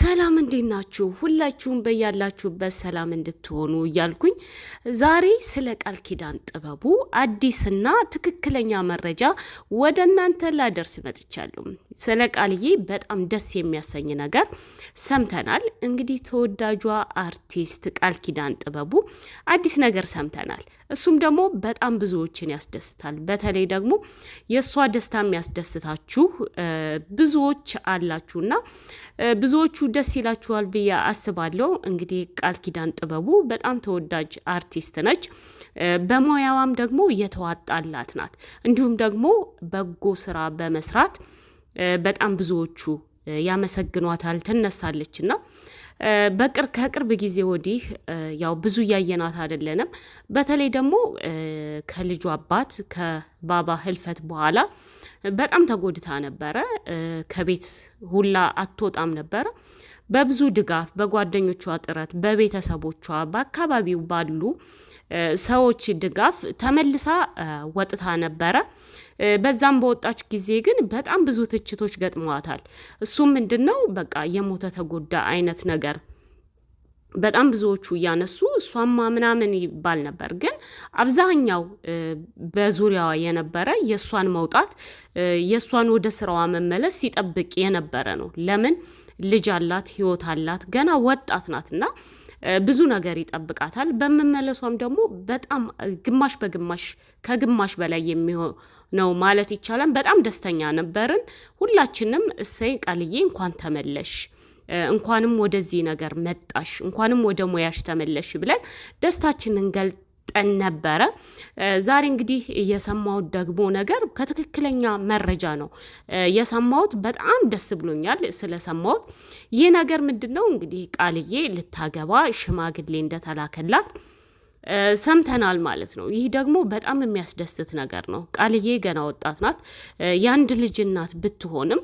ሰላም እንዴት ናችሁ? ሁላችሁም በያላችሁበት ሰላም እንድትሆኑ እያልኩኝ ዛሬ ስለ ቃል ኪዳን ጥበቡ አዲስና ትክክለኛ መረጃ ወደ እናንተ ላደርስ መጥቻለሁ። ስለ ቃልዬ በጣም ደስ የሚያሰኝ ነገር ሰምተናል። እንግዲህ ተወዳጇ አርቲስት ቃል ኪዳን ጥበቡ አዲስ ነገር ሰምተናል። እሱም ደግሞ በጣም ብዙዎችን ያስደስታል። በተለይ ደግሞ የእሷ ደስታ የሚያስደስታችሁ ብዙዎች አላችሁና ብዙዎቹ ሁላችሁ ደስ ይላችኋል ብዬ አስባለሁ። እንግዲህ ቃል ኪዳን ጥበቡ በጣም ተወዳጅ አርቲስት ነች። በሙያዋም ደግሞ የተዋጣላት ናት። እንዲሁም ደግሞ በጎ ስራ በመስራት በጣም ብዙዎቹ ያመሰግኗታል። ትነሳለችና በቅር ከቅርብ ጊዜ ወዲህ ያው ብዙ እያየናት አይደለንም። በተለይ ደግሞ ከልጁ አባት ከባባ ህልፈት በኋላ በጣም ተጎድታ ነበረ። ከቤት ሁላ አትወጣም ነበረ። በብዙ ድጋፍ፣ በጓደኞቿ ጥረት፣ በቤተሰቦቿ፣ በአካባቢው ባሉ ሰዎች ድጋፍ ተመልሳ ወጥታ ነበረ። በዛም በወጣች ጊዜ ግን በጣም ብዙ ትችቶች ገጥመዋታል። እሱም ምንድን ነው በቃ የሞተ ተጎዳ አይነት ነገር በጣም ብዙዎቹ እያነሱ እሷማ ምናምን ይባል ነበር። ግን አብዛኛው በዙሪያዋ የነበረ የእሷን መውጣት የእሷን ወደ ስራዋ መመለስ ሲጠብቅ የነበረ ነው። ለምን ልጅ አላት፣ ህይወት አላት፣ ገና ወጣት ናትና ብዙ ነገር ይጠብቃታል። በምመለሷም ደግሞ በጣም ግማሽ በግማሽ ከግማሽ በላይ የሚሆን ነው ማለት ይቻላል። በጣም ደስተኛ ነበርን ሁላችንም። እሰይ ቃልዬ እንኳን ተመለሽ እንኳንም ወደዚህ ነገር መጣሽ፣ እንኳንም ወደ ሙያሽ ተመለሽ ብለን ደስታችንን ገል ቀን ነበረ። ዛሬ እንግዲህ የሰማሁት ደግሞ ነገር ከትክክለኛ መረጃ ነው የሰማሁት። በጣም ደስ ብሎኛል ስለሰማሁት። ይህ ነገር ምንድን ነው እንግዲህ ቃልዬ ልታገባ ሽማግሌ እንደተላከላት ሰምተናል ማለት ነው። ይህ ደግሞ በጣም የሚያስደስት ነገር ነው። ቃልዬ ገና ወጣት ናት፣ የአንድ ልጅ እናት ብትሆንም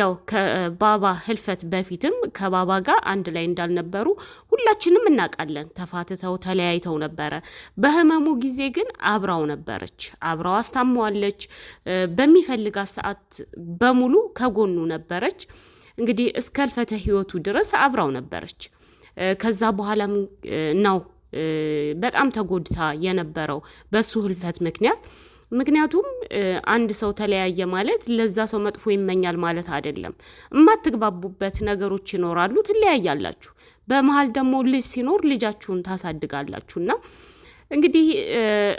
ያው ከባባ ህልፈት በፊትም ከባባ ጋር አንድ ላይ እንዳልነበሩ ሁላችንም እናውቃለን። ተፋትተው ተለያይተው ነበረ። በህመሙ ጊዜ ግን አብራው ነበረች፣ አብራው አስታመዋለች። በሚፈልጋት ሰዓት በሙሉ ከጎኑ ነበረች። እንግዲህ እስከ ህልፈተ ህይወቱ ድረስ አብራው ነበረች። ከዛ በኋላም ነው በጣም ተጎድታ የነበረው በሱ ህልፈት ምክንያት ምክንያቱም አንድ ሰው ተለያየ ማለት ለዛ ሰው መጥፎ ይመኛል ማለት አይደለም። የማትግባቡበት ነገሮች ይኖራሉ፣ ትለያያላችሁ። በመሀል ደግሞ ልጅ ሲኖር ልጃችሁን ታሳድጋላችሁ ና እንግዲህ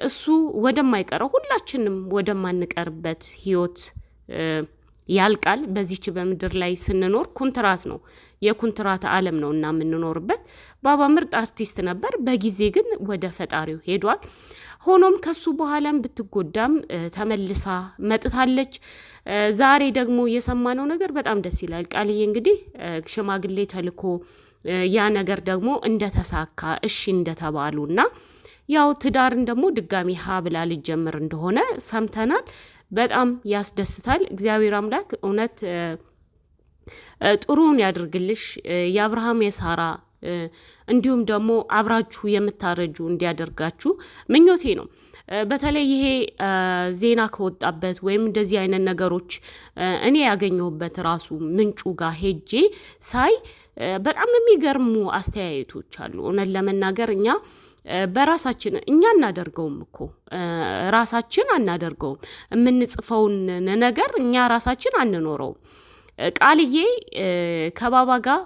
እሱ ወደማይቀረው ሁላችንም ወደማንቀርበት ህይወት ያልቃል። በዚች በምድር ላይ ስንኖር ኩንትራት ነው፣ የኩንትራት ዓለም ነው እና የምንኖርበት። ባባ ምርጥ አርቲስት ነበር፣ በጊዜ ግን ወደ ፈጣሪው ሄዷል። ሆኖም ከሱ በኋላም ብትጎዳም ተመልሳ መጥታለች። ዛሬ ደግሞ የሰማነው ነገር በጣም ደስ ይላል። ቃልዬ እንግዲህ ሽማግሌ ተልኮ ያ ነገር ደግሞ እንደተሳካ እሺ እንደተባሉ እና ያው ትዳርን ደግሞ ድጋሚ ሀ ብላ ልጀምር እንደሆነ ሰምተናል። በጣም ያስደስታል። እግዚአብሔር አምላክ እውነት ጥሩውን ያድርግልሽ የአብርሃም የሳራ እንዲሁም ደግሞ አብራችሁ የምታረጁ እንዲያደርጋችሁ ምኞቴ ነው። በተለይ ይሄ ዜና ከወጣበት ወይም እንደዚህ አይነት ነገሮች እኔ ያገኘሁበት ራሱ ምንጩ ጋር ሄጄ ሳይ በጣም የሚገርሙ አስተያየቶች አሉ። እውነት ለመናገር እኛ በራሳችን እኛ አናደርገውም እኮ ራሳችን አናደርገውም። የምንጽፈውን ነገር እኛ ራሳችን አንኖረውም። ቃልዬ ከባባ ጋር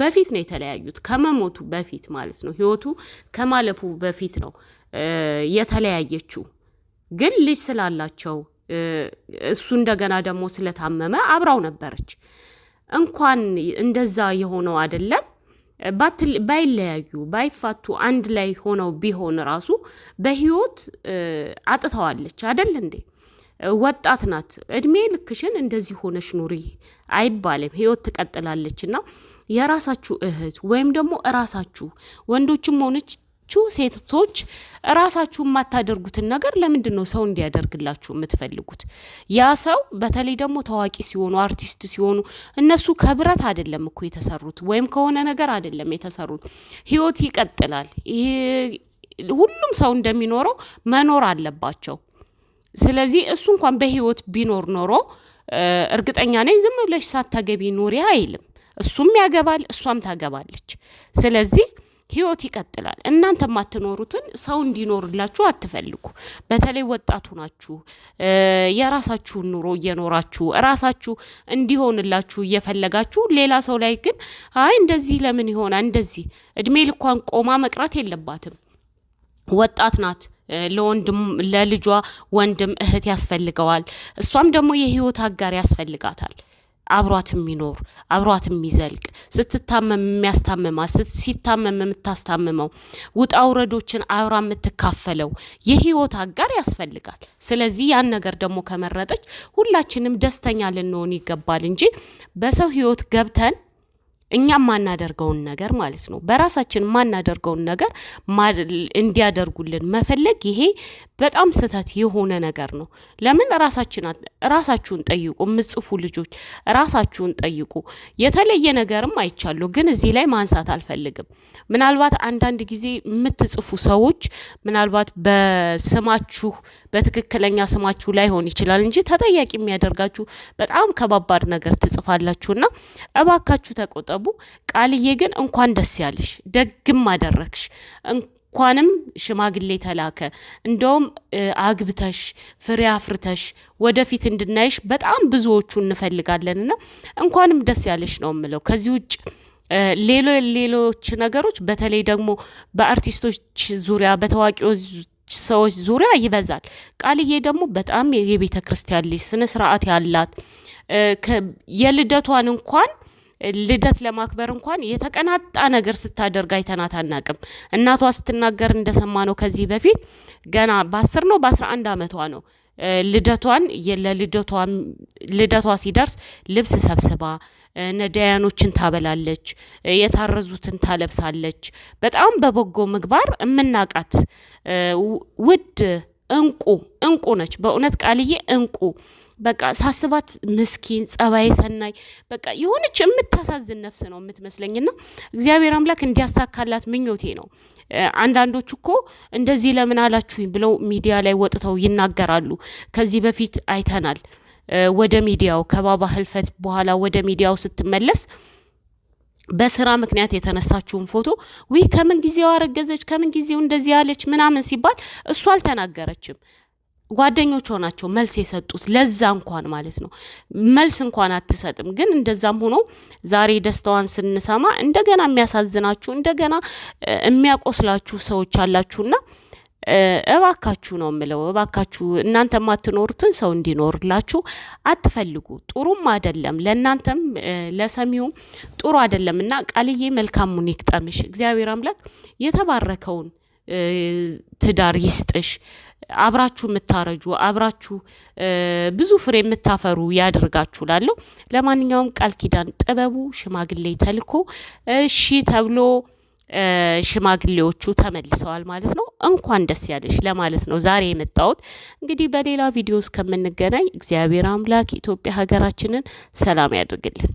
በፊት ነው የተለያዩት፣ ከመሞቱ በፊት ማለት ነው። ህይወቱ ከማለፉ በፊት ነው የተለያየችው። ግን ልጅ ስላላቸው እሱ እንደገና ደግሞ ስለታመመ አብራው ነበረች። እንኳን እንደዛ የሆነው አይደለም ባይለያዩ ባይፋቱ አንድ ላይ ሆነው ቢሆን ራሱ በህይወት አጥተዋለች አደል እንዴ? ወጣት ናት። እድሜ ልክሽን እንደዚህ ሆነሽ ኑሪ አይባልም። ህይወት ትቀጥላለች እና የራሳችሁ እህት ወይም ደግሞ እራሳችሁ ወንዶችም ሆነች ቹ ሴቶች ራሳችሁ የማታደርጉትን ነገር ለምንድን ነው ሰው እንዲያደርግላችሁ የምትፈልጉት? ያ ሰው በተለይ ደግሞ ታዋቂ ሲሆኑ አርቲስት ሲሆኑ እነሱ ከብረት አይደለም እኮ የተሰሩት ወይም ከሆነ ነገር አይደለም የተሰሩት። ህይወት ይቀጥላል። ሁሉም ሰው እንደሚኖረው መኖር አለባቸው። ስለዚህ እሱ እንኳን በህይወት ቢኖር ኖሮ እርግጠኛ ነኝ ዝም ብለሽ ሳታገቢ ኑሪ አይልም። እሱም ያገባል፣ እሷም ታገባለች። ስለዚህ ህይወት ይቀጥላል። እናንተ የማትኖሩትን ሰው እንዲኖርላችሁ አትፈልጉ። በተለይ ወጣቱ ናችሁ። የራሳችሁን ኑሮ እየኖራችሁ ራሳችሁ እንዲሆንላችሁ እየፈለጋችሁ፣ ሌላ ሰው ላይ ግን አይ እንደዚህ ለምን ይሆናል እንደዚህ እድሜ ልኳን ቆማ መቅረት የለባትም። ወጣት ናት። ለወንድም ለልጇ ወንድም እህት ያስፈልገዋል። እሷም ደግሞ የህይወት አጋር ያስፈልጋታል። አብሯት የሚኖር አብሯት የሚዘልቅ ስትታመም የሚያስታምማት ሲታመም የምታስታምመው ውጣ ውረዶችን አብራ የምትካፈለው የህይወት አጋር ያስፈልጋል። ስለዚህ ያን ነገር ደግሞ ከመረጠች ሁላችንም ደስተኛ ልንሆን ይገባል እንጂ በሰው ህይወት ገብተን እኛ ማናደርገውን ነገር ማለት ነው። በራሳችን ማናደርገውን ነገር እንዲያደርጉልን መፈለግ ይሄ በጣም ስህተት የሆነ ነገር ነው። ለምን ራሳችን ራሳችሁን ጠይቁ፣ ምጽፉ ልጆች ራሳችሁን ጠይቁ። የተለየ ነገርም አይቻለሁ፣ ግን እዚህ ላይ ማንሳት አልፈልግም። ምናልባት አንዳንድ ጊዜ የምትጽፉ ሰዎች ምናልባት በስማችሁ በትክክለኛ ስማችሁ ላይሆን ይችላል እንጂ ተጠያቂ የሚያደርጋችሁ በጣም ከባባድ ነገር ትጽፋላችሁና እባካችሁ ተቆጠ ተጠቡ። ቃልዬ ግን እንኳን ደስ ያለሽ፣ ደግም አደረግሽ እንኳንም ሽማግሌ ተላከ። እንደውም አግብተሽ ፍሬ አፍርተሽ ወደፊት እንድናይሽ በጣም ብዙዎቹ እንፈልጋለንና እንኳንም ደስ ያለሽ ነው የምለው። ከዚህ ውጭ ሌሎ ሌሎች ነገሮች በተለይ ደግሞ በአርቲስቶች ዙሪያ በታዋቂዎች ሰዎች ዙሪያ ይበዛል። ቃልዬ ደግሞ በጣም የቤተ ክርስቲያን ልጅ ስነ ስርዓት ያላት የልደቷን እንኳን ልደት ለማክበር እንኳን የተቀናጣ ነገር ስታደርግ አይተናት አናቅም። እናቷ ስትናገር እንደሰማ ነው ከዚህ በፊት ገና በአስር ነው በአስራ አንድ አመቷ ነው ልደቷን ለልደቷ ሲደርስ ልብስ ሰብስባ ነዳያኖችን ታበላለች፣ የታረዙትን ታለብሳለች። በጣም በበጎ ምግባር የምናቃት ውድ እንቁ እንቁ ነች። በእውነት ቃልዬ እንቁ በቃ ሳስባት ምስኪን ጸባይ ሰናይ በቃ የሆነች የምታሳዝን ነፍስ ነው የምትመስለኝና እግዚአብሔር አምላክ እንዲያሳካላት ምኞቴ ነው። አንዳንዶች እኮ እንደዚህ ለምን አላችሁኝ ብለው ሚዲያ ላይ ወጥተው ይናገራሉ። ከዚህ በፊት አይተናል። ወደ ሚዲያው ከባባ ህልፈት በኋላ ወደ ሚዲያው ስትመለስ በስራ ምክንያት የተነሳችውን ፎቶ ዊ ከምን ጊዜው አረገዘች ከምን ጊዜው እንደዚህ ያለች ምናምን ሲባል እሱ አልተናገረችም። ጓደኞቿ ናቸው መልስ የሰጡት ለዛ እንኳን ማለት ነው። መልስ እንኳን አትሰጥም። ግን እንደዛም ሆኖ ዛሬ ደስታዋን ስንሰማ እንደገና የሚያሳዝናችሁ እንደገና የሚያቆስላችሁ ሰዎች አላችሁና እባካችሁ ነው የምለው፣ እባካችሁ እናንተ የማትኖሩትን ሰው እንዲኖርላችሁ አትፈልጉ። ጥሩም አይደለም ለእናንተም ለሰሚውም ጥሩ አይደለም እና ቃልዬ ሙኒክ ጠምሽ እግዚአብሔር አምላክ የተባረከውን ትዳር ይስጥሽ። አብራችሁ የምታረጁ አብራችሁ ብዙ ፍሬ የምታፈሩ ያድርጋችሁ ላለሁ። ለማንኛውም ቃል ኪዳን ጥበቡ ሽማግሌ ተልኮ እሺ ተብሎ ሽማግሌዎቹ ተመልሰዋል ማለት ነው። እንኳን ደስ ያለሽ ለማለት ነው ዛሬ የመጣሁት። እንግዲህ በሌላ ቪዲዮ እስከምንገናኝ እግዚአብሔር አምላክ ኢትዮጵያ ሀገራችንን ሰላም ያድርግልን።